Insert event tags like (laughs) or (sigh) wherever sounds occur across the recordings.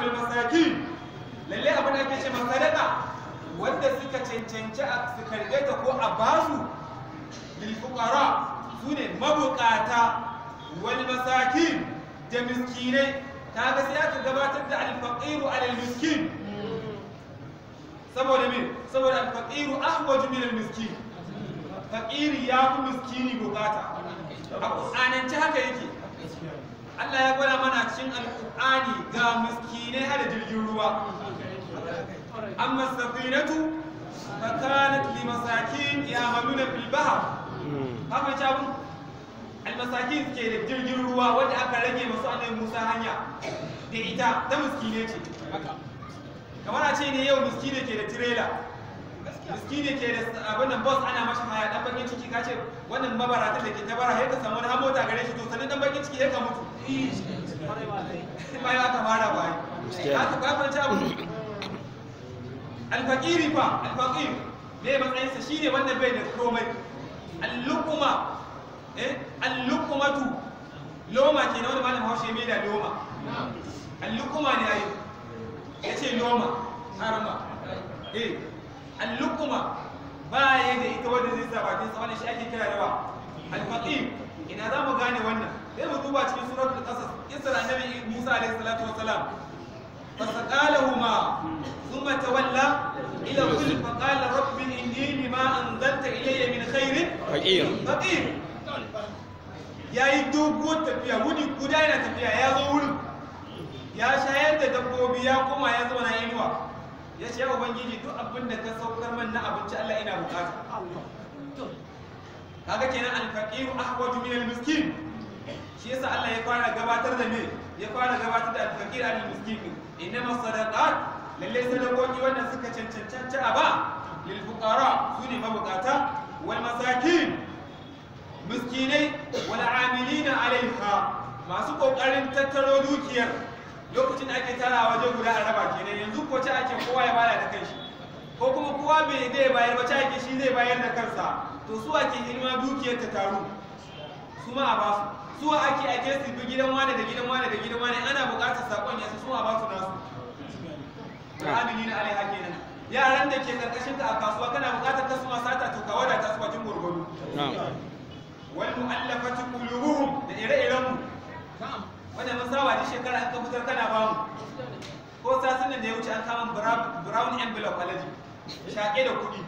fil masakin lalle abin da ake ce sadaka wanda suka cancanci a su karbe ta ko a basu lil fuqara sune mabukata wal masakin da miskinai kaga sai aka gabatar da al faqiru al miskin saboda me saboda al faqiru ahwaju min al miskin faqiri ya fi miskini bukata a kusananci haka yake Allah ya gwada mana cikin al alƙur'ani ga miskinai har jirgin ruwa amma safinatu fakanat li masakin yamaluna fil bahr haka ce abin almasakin ke da jirgin ruwa wanda aka rage masu annabi Musa hanya da ita ta miskine ce kamar a ce ne yau miskine ke da tirela miskine ke da abin nan bus ana mashi haya dan bakin ciki kace wannan mabaratan da ke ta bara sai ka samu wani mota gare shi to Alfakiri fa alfakiri ne alfaqiri shi ne me wanda bai da komai al-luqma eh allukumatu loma ke nawa wanda malam Hausa mai da loma allukuma ne ne ai ce loma harama eh allukuma luqma ba ya da ita wanda zai sa bakin shi ake kira da ba duba cikin suratul qasas kisar annabi Musa alaihi salatu wassalam فسقالهما ثم تولى الى الظل فقال رب اني لما انزلت الي من خير فقير فقير ya yi doguwar tafiya wuni guda yana tafiya ya zo wurin ya shayar da dabbobi ya koma ya zama na inuwa ya ce ya ubangiji duk abin da ka saukar man na abinci Allah ina bukata kaga kenan alfaqiru ahwaju min almiskin shi yasa Allah ya fara gabatar da me ya fara gabatar da al-fakir al-miskin inna masadaqat lalle sadakoki wannan suka cancanci a ba lil fuqara sune mabukata wal masakin miskinai wal amilina alaiha masu kokarin tattaro dukiyar lokacin da ake tara waje guda a raba kenan yanzu ko ce ake kowa ya bada da kanshi ko kuma kowa bai zai bayar ba ce ake shi zai bayar da kansa to su ake hirma dukiyar ta taru su ma a basu zuwa ake a je su bi gidan wane da gidan wane da gidan wane ana buƙatar sakon ya su a ba su nasu amini na alaiha kenan yaran da ke karkashin ka a kasuwa kana buƙatar kasu suma sata to ka wadata su bakin gurgudu wal mu'allafati qulubuhum da ire-iren mu wanda mun saba da shekara an ka fitar kana ba mu ko sasunan da ya wuce an kama brown envelope alaji shaƙe da kuɗi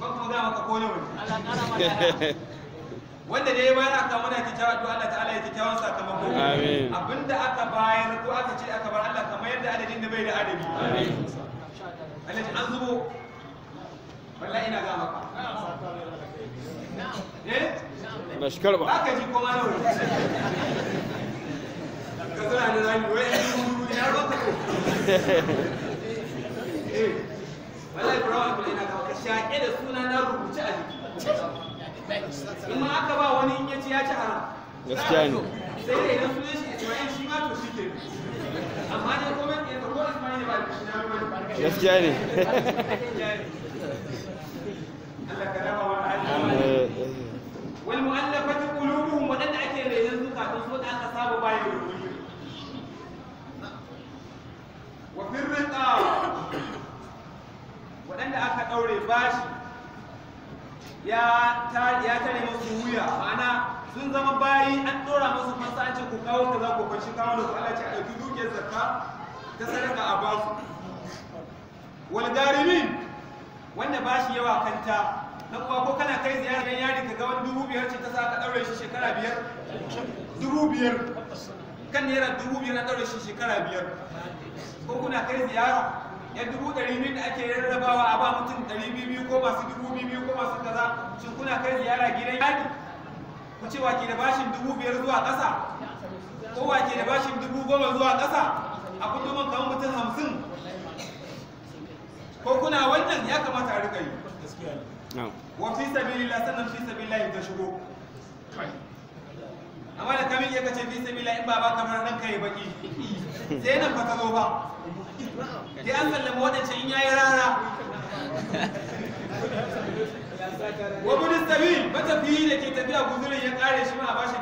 ban kuma ga maka ko ne wani (laughs) wanda dai bayan aka muna kyakkyawan to Allah ta'ala ya kyakkyawan sakamako amin abinda aka bayar ko aka ce aka bar Allah kamar yadda adadin da bai da adadi amin Allah an zubo wallahi ina ga maka eh ba shi aka ji ko wuri ka tsara da wai ba ka eh wallahi bro ina ga ka suna na rubuce a jiki in ma aka ba wani in yace ya ci haram sai dai idan shi Isma'il shi ma to amma dai komai eh, ne Isma'il ba shi na gaskiya ne Allah wa wal qulubuhum wadanda ake aka saba bayan wa wadanda aka daure bashi ya tare masu wuya ma'ana sun zama bayi an dora masu fasa ku kawo ka za ku kwashi kawo da Allah ce a ɗauki dukiyar zakka ta sadaka a ba su wal garimin wanda ba shi yawa kanta na kuwa ko kana kai ziyara yan yari ka ga wani dubu biyar ce ta sa ka ɗaure shi shekara biyar dubu biyar kan naira dubu biyar na ɗaure shi shekara biyar ko kuna kai ziyara yan dubu ɗari biyu da ake rarrabawa a ba mutum ɗari biyu ko masu dubu biyu ko masu kaza shin kuna kai ziyara gidan yadi ku ce wake da bashin dubu biyar zuwa ƙasa ko wake da bashin dubu goma zuwa ƙasa a man kamar mutum hamsin ko kuna wannan ya kamata a rika yi wa fi sabilillah sannan fi sabilillah ta shigo amma da kamin ya kace fi sabilillah in ba ba kamar ranka ya baki sai nan ba ta zo ba da an sallama waɗancan in yayi rara wa bin matafiyi da ke tafiya guzurin ya kare shi ma a bashi